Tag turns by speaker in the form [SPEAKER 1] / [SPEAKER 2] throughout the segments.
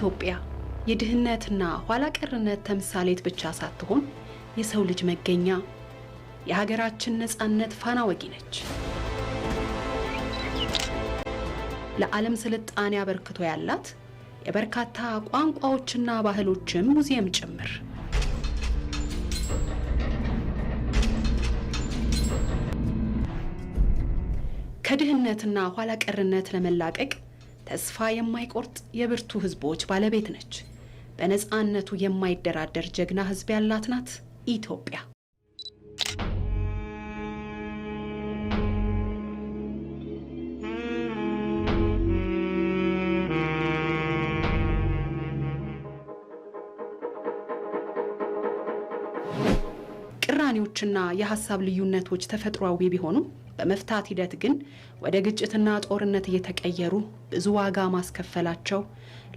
[SPEAKER 1] ኢትዮጵያ የድህነትና ኋላ ቀርነት ተምሳሌት ብቻ ሳትሆን የሰው ልጅ መገኛ፣ የሀገራችን ነፃነት ፋና ወጊ ነች። ለዓለም ስልጣኔ አበርክቶ ያላት የበርካታ ቋንቋዎችና ባህሎችም ሙዚየም ጭምር። ከድህነትና ኋላ ቀርነት ለመላቀቅ ተስፋ የማይቆርጥ የብርቱ ህዝቦች ባለቤት ነች። በነፃነቱ የማይደራደር ጀግና ህዝብ ያላት ናት ኢትዮጵያ። ቅራኔዎችና የሀሳብ ልዩነቶች ተፈጥሯዊ ቢሆኑም በመፍታት ሂደት ግን ወደ ግጭትና ጦርነት እየተቀየሩ ብዙ ዋጋ ማስከፈላቸው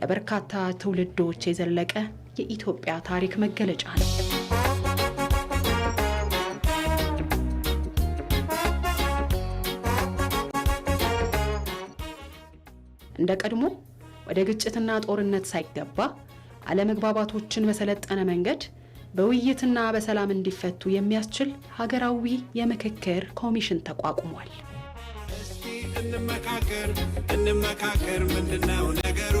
[SPEAKER 1] ለበርካታ ትውልዶች የዘለቀ የኢትዮጵያ ታሪክ መገለጫ ነው። እንደ ቀድሞ ወደ ግጭትና ጦርነት ሳይገባ አለመግባባቶችን በሰለጠነ መንገድ በውይይትና በሰላም እንዲፈቱ የሚያስችል ሀገራዊ የምክክር ኮሚሽን ተቋቁሟል። እስቲ እንመካከር እንመካከር ምንድነው ነገሩ?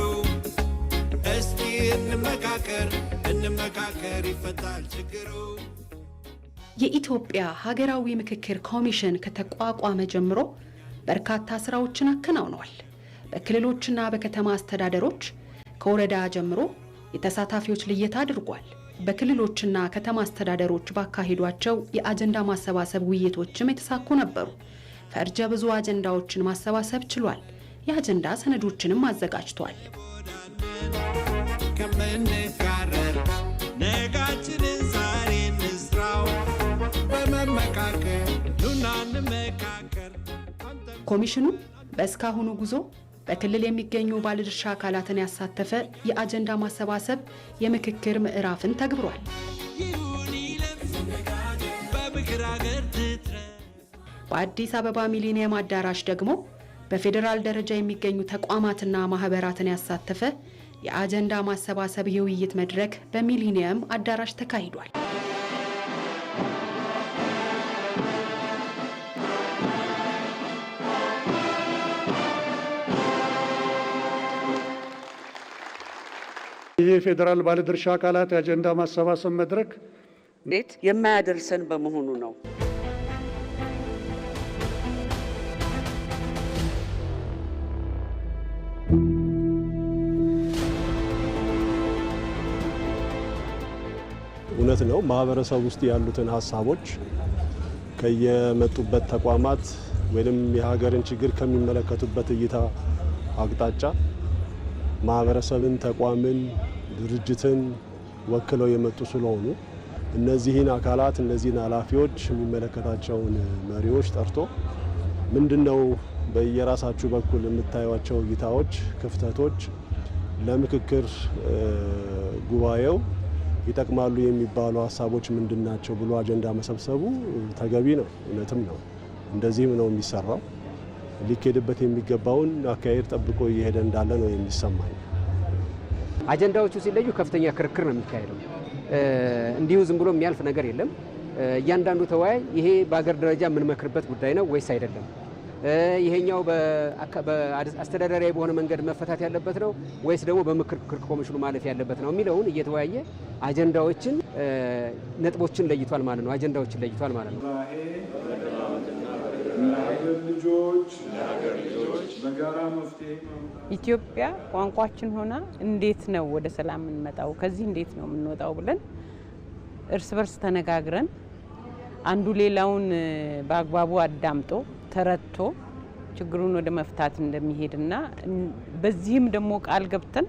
[SPEAKER 1] እስቲ እንመካከር እንመካከር ይፈታል ችግሩ። የኢትዮጵያ ሀገራዊ ምክክር ኮሚሽን ከተቋቋመ ጀምሮ በርካታ ስራዎችን አከናውኗል። በክልሎችና በከተማ አስተዳደሮች ከወረዳ ጀምሮ የተሳታፊዎች ልየታ አድርጓል። በክልሎችና ከተማ አስተዳደሮች ባካሄዷቸው የአጀንዳ ማሰባሰብ ውይይቶችም የተሳኩ ነበሩ። ፈርጀ ብዙ አጀንዳዎችን ማሰባሰብ ችሏል። የአጀንዳ ሰነዶችንም አዘጋጅቷል። ኮሚሽኑ በእስካሁኑ ጉዞ በክልል የሚገኙ ባለድርሻ አካላትን ያሳተፈ የአጀንዳ ማሰባሰብ የምክክር ምዕራፍን ተግብሯል። በአዲስ አበባ ሚሊኒየም አዳራሽ ደግሞ በፌዴራል ደረጃ የሚገኙ ተቋማትና ማህበራትን ያሳተፈ የአጀንዳ ማሰባሰብ የውይይት መድረክ በሚሊኒየም አዳራሽ ተካሂዷል።
[SPEAKER 2] የፌዴራል ባለድርሻ አካላት የአጀንዳ ማሰባሰብ መድረክ
[SPEAKER 3] ቤት የማያደርሰን በመሆኑ ነው።
[SPEAKER 4] እውነት ነው። ማህበረሰብ ውስጥ ያሉትን ሀሳቦች ከየመጡበት ተቋማት ወይም የሀገርን ችግር ከሚመለከቱበት እይታ አቅጣጫ ማህበረሰብን፣ ተቋምን ድርጅትን ወክለው የመጡ ስለሆኑ እነዚህን አካላት እነዚህን ኃላፊዎች የሚመለከታቸውን መሪዎች ጠርቶ ምንድን ነው በየራሳችሁ በኩል የምታዩቸው እይታዎች፣ ክፍተቶች ለምክክር ጉባኤው ይጠቅማሉ የሚባሉ ሀሳቦች ምንድን ናቸው ብሎ አጀንዳ መሰብሰቡ ተገቢ ነው፣ እውነትም ነው። እንደዚህም ነው የሚሰራው። ሊካሄድበት የሚገባውን አካሄድ ጠብቆ እየሄደ እንዳለ ነው የሚሰማኝ።
[SPEAKER 5] አጀንዳዎቹ ሲለዩ ከፍተኛ ክርክር ነው የሚካሄደው። እንዲሁ ዝም ብሎ የሚያልፍ ነገር የለም። እያንዳንዱ ተወያይ ይሄ በሀገር ደረጃ የምንመክርበት ጉዳይ ነው ወይስ አይደለም፣ ይሄኛው በአስተዳደራዊ በሆነ መንገድ መፈታት ያለበት ነው ወይስ ደግሞ በምክክር ኮሚሽኑ ማለፍ ያለበት ነው የሚለውን እየተወያየ አጀንዳዎችን ነጥቦችን ለይቷል ማለት ነው። አጀንዳዎችን ለይቷል ማለት ነው።
[SPEAKER 6] ኢትዮጵያ ቋንቋችን ሆና እንዴት ነው ወደ ሰላም የምንመጣው? ከዚህ እንዴት ነው የምንወጣው? ብለን እርስ በርስ ተነጋግረን አንዱ ሌላውን በአግባቡ አዳምጦ ተረድቶ ችግሩን ወደ መፍታት እንደሚሄድና በዚህም ደግሞ ቃል ገብተን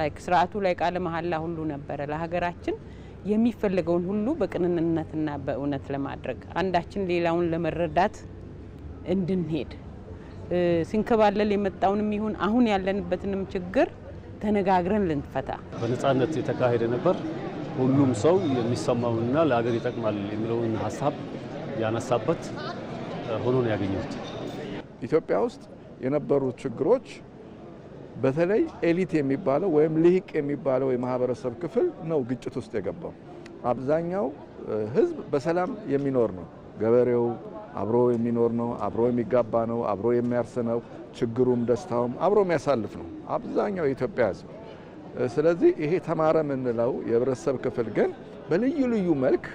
[SPEAKER 6] ላይክ ስርዓቱ ላይ ቃለ መሀላ ሁሉ ነበረ ለሀገራችን የሚፈለገውን ሁሉ በቅንነትና በእውነት ለማድረግ አንዳችን ሌላውን ለመረዳት እንድንሄድ ሲንከባለል የመጣውንም ይሁን አሁን ያለንበትንም ችግር ተነጋግረን ልንፈታ
[SPEAKER 7] በነፃነት የተካሄደ ነበር። ሁሉም ሰው የሚሰማውንና ለሀገር ይጠቅማል የሚለውን ሀሳብ ያነሳበት ሆኖ ነው ያገኘሁት።
[SPEAKER 8] ኢትዮጵያ ውስጥ የነበሩት ችግሮች በተለይ ኤሊት የሚባለው ወይም ልሂቅ የሚባለው የማህበረሰብ ክፍል ነው ግጭት ውስጥ የገባው። አብዛኛው ህዝብ በሰላም የሚኖር ነው ገበሬው አብሮ የሚኖር ነው፣ አብሮ የሚጋባ ነው፣ አብሮ የሚያርስ ነው። ችግሩም ደስታውም አብሮ የሚያሳልፍ ነው አብዛኛው የኢትዮጵያ ሕዝብ። ስለዚህ ይሄ ተማረ የምንለው የህብረተሰብ ክፍል ግን በልዩ ልዩ መልክ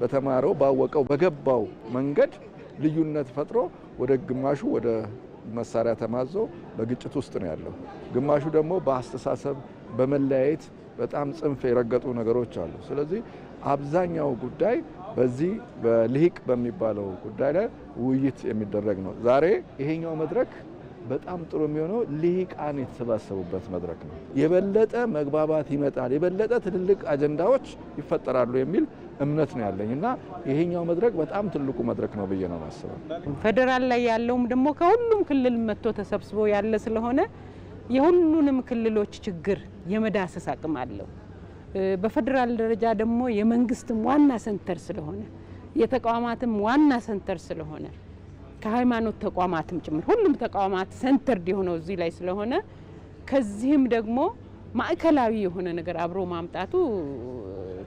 [SPEAKER 8] በተማረው ባወቀው በገባው መንገድ ልዩነት ፈጥሮ ወደ ግማሹ ወደ መሳሪያ ተማዞ በግጭት ውስጥ ነው ያለው። ግማሹ ደግሞ በአስተሳሰብ በመለያየት በጣም ጽንፍ የረገጡ ነገሮች አሉ። ስለዚህ አብዛኛው ጉዳይ በዚህ በልሂቅ በሚባለው ጉዳይ ላይ ውይይት የሚደረግ ነው። ዛሬ ይሄኛው መድረክ በጣም ጥሩ የሚሆነው ልሂቃን የተሰባሰቡበት መድረክ ነው። የበለጠ መግባባት ይመጣል፣ የበለጠ ትልልቅ አጀንዳዎች ይፈጠራሉ የሚል እምነት ነው ያለኝ እና ይሄኛው መድረክ በጣም ትልቁ መድረክ ነው ብዬ ነው ማስበው።
[SPEAKER 6] ፌዴራል ላይ ያለውም ደግሞ ከሁሉም ክልል መጥቶ ተሰብስቦ ያለ ስለሆነ የሁሉንም ክልሎች ችግር የመዳሰስ አቅም አለው። በፌዴራል ደረጃ ደግሞ የመንግስትም ዋና ሰንተር ስለሆነ የተቋማትም ዋና ሰንተር ስለሆነ ከሃይማኖት ተቋማትም ጭምር ሁሉም ተቋማት ሰንተር የሆነው እዚህ ላይ ስለሆነ ከዚህም ደግሞ ማዕከላዊ የሆነ ነገር አብሮ ማምጣቱ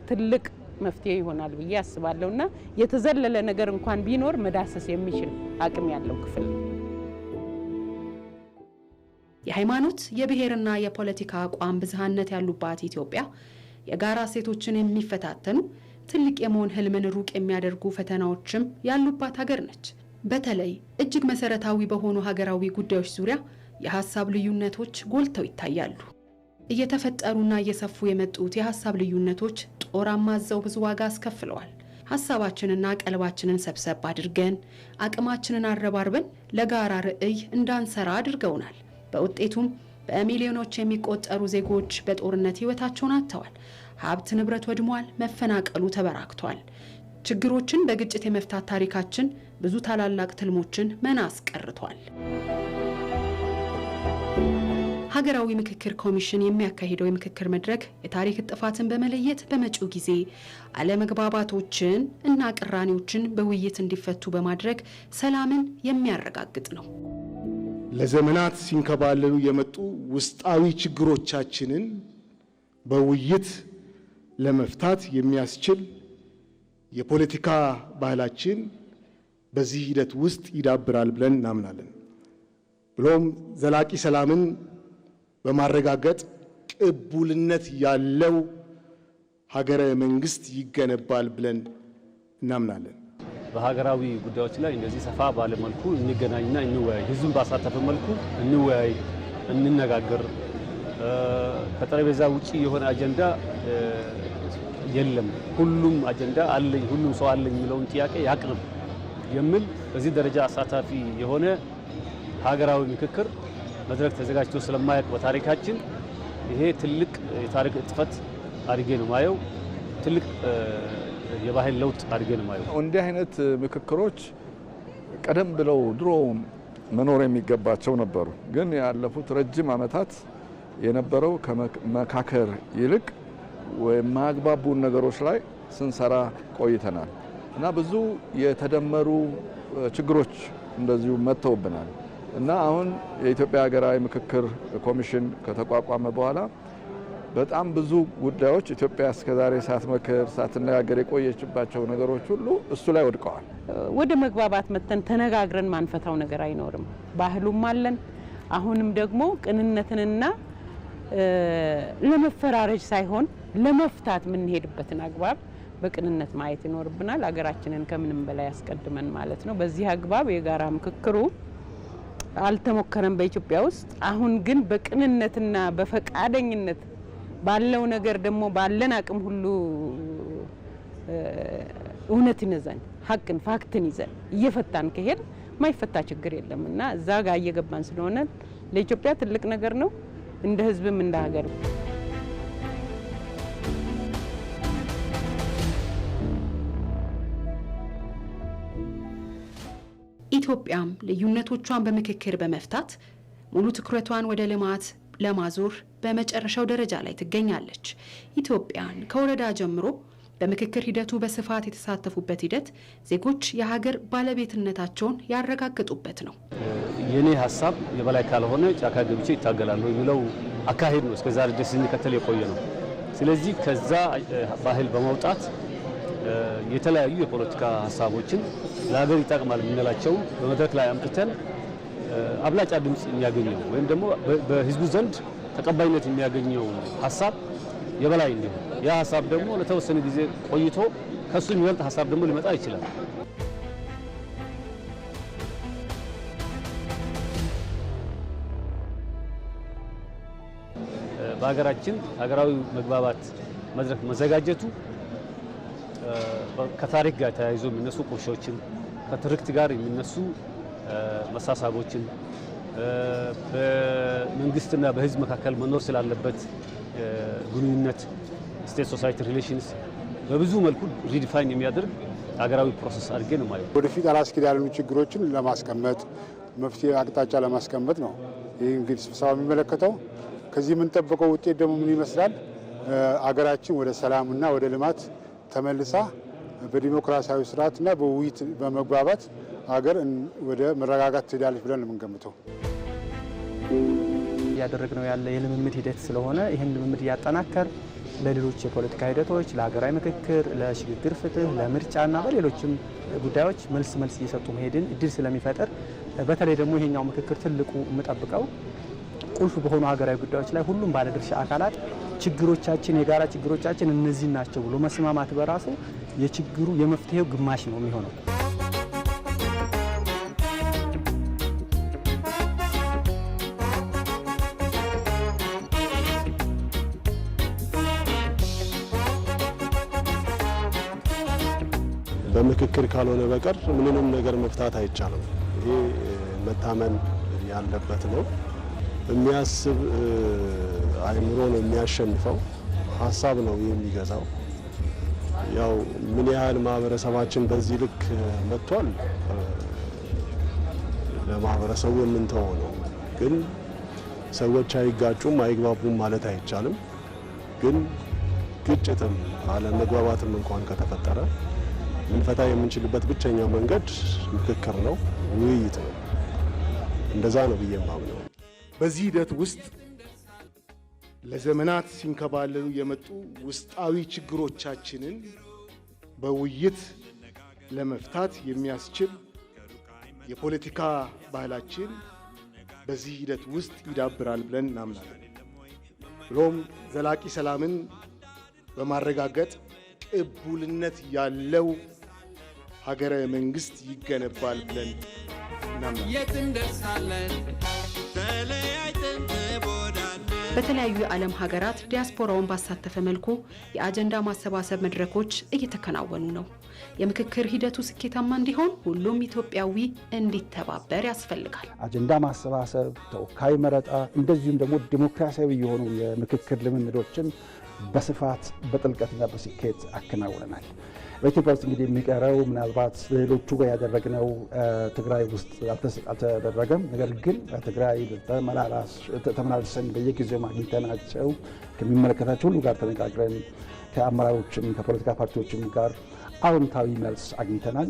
[SPEAKER 6] ትልቅ መፍትሄ ይሆናል ብዬ አስባለሁ እና የተዘለለ ነገር እንኳን ቢኖር መዳሰስ የሚችል አቅም ያለው ክፍል ነው።
[SPEAKER 1] የሃይማኖት የብሔርና የፖለቲካ አቋም ብዝሃነት ያሉባት ኢትዮጵያ የጋራ ሴቶችን የሚፈታተኑ ትልቅ የመሆን ህልምን ሩቅ የሚያደርጉ ፈተናዎችም ያሉባት ሀገር ነች። በተለይ እጅግ መሰረታዊ በሆኑ ሀገራዊ ጉዳዮች ዙሪያ የሀሳብ ልዩነቶች ጎልተው ይታያሉ። እየተፈጠሩና እየሰፉ የመጡት የሀሳብ ልዩነቶች ጦር አማዘው ብዙ ዋጋ አስከፍለዋል። ሀሳባችንና ቀልባችንን ሰብሰብ አድርገን አቅማችንን አረባርበን ለጋራ ርዕይ እንዳንሰራ አድርገውናል። በውጤቱም በሚሊዮኖች የሚቆጠሩ ዜጎች በጦርነት ህይወታቸውን አጥተዋል። ሀብት ንብረት ወድሟል። መፈናቀሉ ተበራክቷል። ችግሮችን በግጭት የመፍታት ታሪካችን ብዙ ታላላቅ ትልሞችን መና አስቀርቷል። ሀገራዊ ምክክር ኮሚሽን የሚያካሂደው የምክክር መድረክ የታሪክ እጥፋትን በመለየት በመጪው ጊዜ አለመግባባቶችን እና ቅራኔዎችን በውይይት እንዲፈቱ በማድረግ ሰላምን የሚያረጋግጥ ነው።
[SPEAKER 9] ለዘመናት ሲንከባለሉ የመጡ ውስጣዊ ችግሮቻችንን በውይይት ለመፍታት የሚያስችል የፖለቲካ ባህላችን በዚህ ሂደት ውስጥ ይዳብራል ብለን እናምናለን። ብሎም ዘላቂ ሰላምን በማረጋገጥ ቅቡልነት ያለው ሀገረ መንግስት ይገነባል ብለን እናምናለን።
[SPEAKER 10] በሀገራዊ ጉዳዮች ላይ እንደዚህ ሰፋ ባለ መልኩ እንገናኝና እንወያይ፣ ህዝብን ባሳተፈ መልኩ እንወያይ፣ እንነጋገር። ከጠረጴዛ ውጪ የሆነ አጀንዳ የለም። ሁሉም አጀንዳ አለኝ፣ ሁሉም ሰው አለኝ የሚለውን ጥያቄ ያቅርብ የሚል በዚህ ደረጃ አሳታፊ የሆነ ሀገራዊ ምክክር መድረክ ተዘጋጅቶ ስለማያውቅ በታሪካችን ይሄ ትልቅ የታሪክ እጥፈት አድርጌ ነው ማየው። ትልቅ የባህል ለውጥ አድርገን ማለት
[SPEAKER 8] እንዲህ አይነት ምክክሮች ቀደም ብለው ድሮ መኖር የሚገባቸው ነበሩ። ግን ያለፉት ረጅም ዓመታት የነበረው ከመካከር ይልቅ የማያግባቡን ነገሮች ላይ ስንሰራ ቆይተናል እና ብዙ የተደመሩ ችግሮች እንደዚሁ መጥተውብናል እና አሁን የኢትዮጵያ ሀገራዊ ምክክር ኮሚሽን ከተቋቋመ በኋላ በጣም ብዙ ጉዳዮች ኢትዮጵያ እስከዛሬ ሳትመክር ሳትነጋገር የቆየችባቸው ነገሮች ሁሉ እሱ ላይ ወድቀዋል።
[SPEAKER 6] ወደ መግባባት መጥተን ተነጋግረን ማንፈታው ነገር አይኖርም። ባህሉም አለን። አሁንም ደግሞ ቅንነትንና ለመፈራረጅ ሳይሆን ለመፍታት የምንሄድበትን አግባብ በቅንነት ማየት ይኖርብናል። ሀገራችንን ከምንም በላይ ያስቀድመን ማለት ነው። በዚህ አግባብ የጋራ ምክክሩ አልተሞከረም በኢትዮጵያ ውስጥ። አሁን ግን በቅንነትና በፈቃደኝነት ባለው ነገር ደግሞ ባለን አቅም ሁሉ እውነትን ይዘን ሀቅን ፋክትን ይዘን እየፈታን ከሄድ ማይፈታ ችግር የለም እና እዛ ጋር እየገባን ስለሆነ ለኢትዮጵያ ትልቅ ነገር ነው፣ እንደ ህዝብም እንደ ሀገርም።
[SPEAKER 1] ኢትዮጵያም ልዩነቶቿን በምክክር በመፍታት ሙሉ ትኩረቷን ወደ ልማት ለማዞር በመጨረሻው ደረጃ ላይ ትገኛለች። ኢትዮጵያን ከወረዳ ጀምሮ በምክክር ሂደቱ በስፋት የተሳተፉበት ሂደት ዜጎች የሀገር ባለቤትነታቸውን ያረጋግጡበት ነው።
[SPEAKER 11] የኔ ሀሳብ የበላይ ካልሆነ ጫካ ገብቼ ይታገላለሁ የሚለው አካሄድ ነው እስከዛ ድረስ ስንከተል የቆየ ነው። ስለዚህ ከዛ ባህል በማውጣት የተለያዩ የፖለቲካ ሀሳቦችን ለሀገር ይጠቅማል የምንላቸው በመድረክ ላይ አምጥተን አብላጫ ድምፅ የሚያገኘው ወይም ደግሞ በህዝቡ ዘንድ ተቀባይነት የሚያገኘው ሀሳብ የበላይ እንዲሆን ያ ሀሳብ ደግሞ ለተወሰነ ጊዜ ቆይቶ ከሱ የሚበልጥ ሀሳብ ደግሞ ሊመጣ ይችላል።
[SPEAKER 12] በሀገራችን ሀገራዊ መግባባት መድረክ መዘጋጀቱ ከታሪክ ጋር ተያይዞ የሚነሱ ቁርሾችን ከትርክት ጋር የሚነሱ መሳሳቦችን በመንግስትና በህዝብ መካከል መኖር ስላለበት ግንኙነት ስቴት ሶሳይቲ ሪሌሽንስ በብዙ መልኩ ሪዲፋይን የሚያደርግ ሀገራዊ ፕሮሰስ አድርጌ ነው ማለት
[SPEAKER 9] ወደፊት አላስኪድ ያሉ ችግሮችን ለማስቀመጥ መፍትሄ አቅጣጫ ለማስቀመጥ ነው። ይህ እንግዲህ ስብሰባ የሚመለከተው ከዚህ የምንጠብቀው ውጤት ደግሞ ምን ይመስላል? አገራችን ወደ ሰላምና ወደ ልማት ተመልሳ በዲሞክራሲያዊ ስርዓትና በውይይት በመግባባት ሀገር ወደ መረጋጋት ትሄዳለች ብለን ነው የምንገምተው።
[SPEAKER 13] እያደረግነው ያለ የልምምድ ሂደት ስለሆነ ይህን ልምምድ እያጠናከር ለሌሎች የፖለቲካ ሂደቶች፣ ለሀገራዊ ምክክር፣ ለሽግግር ፍትህ፣ ለምርጫና በሌሎችም ጉዳዮች መልስ መልስ እየሰጡ መሄድን እድል ስለሚፈጥር በተለይ ደግሞ ይሄኛው ምክክር ትልቁ የምጠብቀው ቁልፍ በሆኑ ሀገራዊ ጉዳዮች ላይ ሁሉም ባለድርሻ አካላት ችግሮቻችን የጋራ ችግሮቻችን እነዚህ ናቸው ብሎ መስማማት በራሱ የችግሩ የመፍትሄው ግማሽ ነው የሚሆነው።
[SPEAKER 9] በምክክር ካልሆነ በቀር ምንም ነገር መፍታት አይቻልም። ይሄ መታመን ያለበት ነው። የሚያስብ አይምሮ ነው የሚያሸንፈው፣ ሀሳብ ነው የሚገዛው። ያው ምን ያህል ማህበረሰባችን በዚህ ልክ መጥቷል ለማህበረሰቡ የምንተወው ነው። ግን ሰዎች አይጋጩም፣ አይግባቡም ማለት አይቻልም። ግን ግጭትም አለመግባባትም እንኳን ከተፈጠረ ልንፈታ የምንችልበት ብቸኛው መንገድ ምክክር ነው፣ ውይይት ነው። እንደዛ ነው ብዬ ማምነው። በዚህ ሂደት ውስጥ ለዘመናት ሲንከባለሉ የመጡ ውስጣዊ ችግሮቻችንን በውይይት ለመፍታት የሚያስችል የፖለቲካ ባህላችን በዚህ ሂደት ውስጥ ይዳብራል ብለን እናምናለን። ብሎም ዘላቂ ሰላምን በማረጋገጥ ቅቡልነት ያለው ሀገረ መንግስት ይገነባል ብለን
[SPEAKER 1] በተለያዩ የዓለም ሀገራት ዲያስፖራውን ባሳተፈ መልኩ የአጀንዳ ማሰባሰብ መድረኮች እየተከናወኑ ነው። የምክክር ሂደቱ ስኬታማ እንዲሆን ሁሉም ኢትዮጵያዊ እንዲተባበር ያስፈልጋል።
[SPEAKER 14] አጀንዳ ማሰባሰብ፣ ተወካይ መረጣ፣ እንደዚሁም ደግሞ ዲሞክራሲያዊ የሆኑ የምክክር ልምምዶችን በስፋት በጥልቀትና በስኬት አከናውነናል። በኢትዮጵያ ውስጥ እንግዲህ የሚቀረው ምናልባት ሌሎቹ ጋር ያደረግነው ትግራይ ውስጥ አልተደረገም። ነገር ግን በትግራይ ተመላልሰን በየጊዜው አግኝተናቸው ከሚመለከታቸው ሁሉ ጋር ተነጋግረን ከአመራሮችም ከፖለቲካ ፓርቲዎችም ጋር አዎንታዊ መልስ አግኝተናል።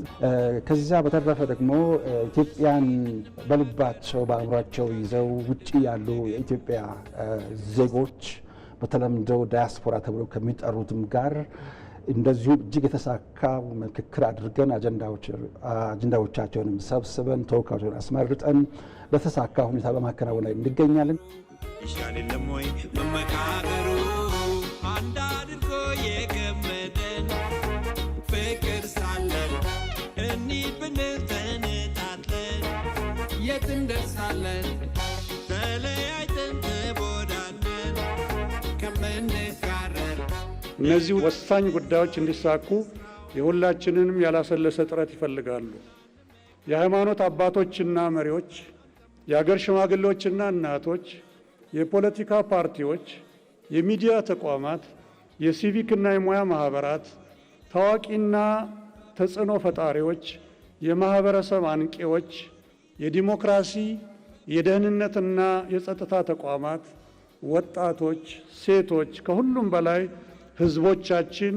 [SPEAKER 14] ከዚያ በተረፈ ደግሞ ኢትዮጵያን በልባቸው በአእምሯቸው ይዘው ውጭ ያሉ የኢትዮጵያ ዜጎች በተለምዶ ዳያስፖራ ተብሎ ከሚጠሩትም ጋር እንደዚሁም እጅግ የተሳካ ምክክር አድርገን አጀንዳዎቻቸውንም ሰብስበን ተወካዮችን አስመርጠን በተሳካ ሁኔታ በማከናወን ላይ እንገኛለን።
[SPEAKER 9] እነዚህ ወሳኝ ጉዳዮች እንዲሳኩ የሁላችንንም ያላሰለሰ ጥረት ይፈልጋሉ። የሃይማኖት አባቶችና መሪዎች፣ የአገር ሽማግሌዎችና እናቶች፣ የፖለቲካ ፓርቲዎች፣ የሚዲያ ተቋማት፣ የሲቪክና የሙያ ማህበራት ታዋቂና ተጽዕኖ ፈጣሪዎች፣ የማህበረሰብ አንቂዎች፣ የዲሞክራሲ የደህንነትና የጸጥታ ተቋማት፣ ወጣቶች፣ ሴቶች ከሁሉም በላይ ህዝቦቻችን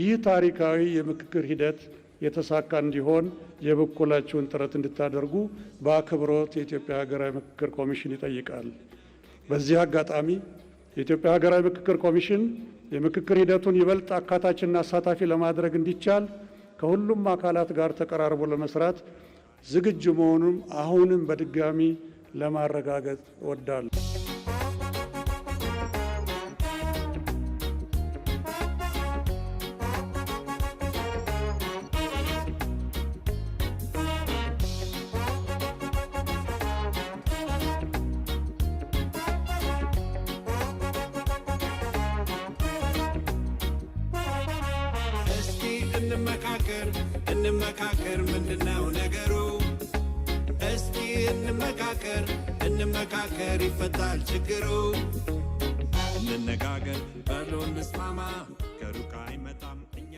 [SPEAKER 9] ይህ ታሪካዊ የምክክር ሂደት የተሳካ እንዲሆን የበኩላችሁን ጥረት እንድታደርጉ በአክብሮት የኢትዮጵያ ሀገራዊ ምክክር ኮሚሽን ይጠይቃል። በዚህ አጋጣሚ የኢትዮጵያ ሀገራዊ ምክክር ኮሚሽን የምክክር ሂደቱን ይበልጥ አካታችና አሳታፊ ለማድረግ እንዲቻል ከሁሉም አካላት ጋር ተቀራርቦ ለመስራት ዝግጁ መሆኑን አሁንም በድጋሚ ለማረጋገጥ እወዳለሁ። እንመካከር እንመካከር ምንድነው ነገሩ? እስቲ እንመካከር እንመካከር ይፈታል ችግሩ። እንነጋገር በሎ እንስማማ